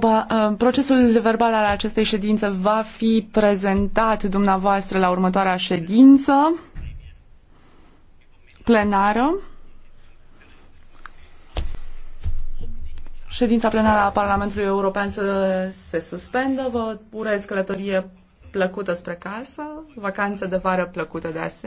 Proba, uh, procesul verbal al acestei ședințe va fi prezentat dumneavoastră la următoarea ședință plenară. Ședința plenară a Parlamentului European să se suspendă. Vă urez călătorie plăcută spre casă, vacanță de vară plăcută de asemenea.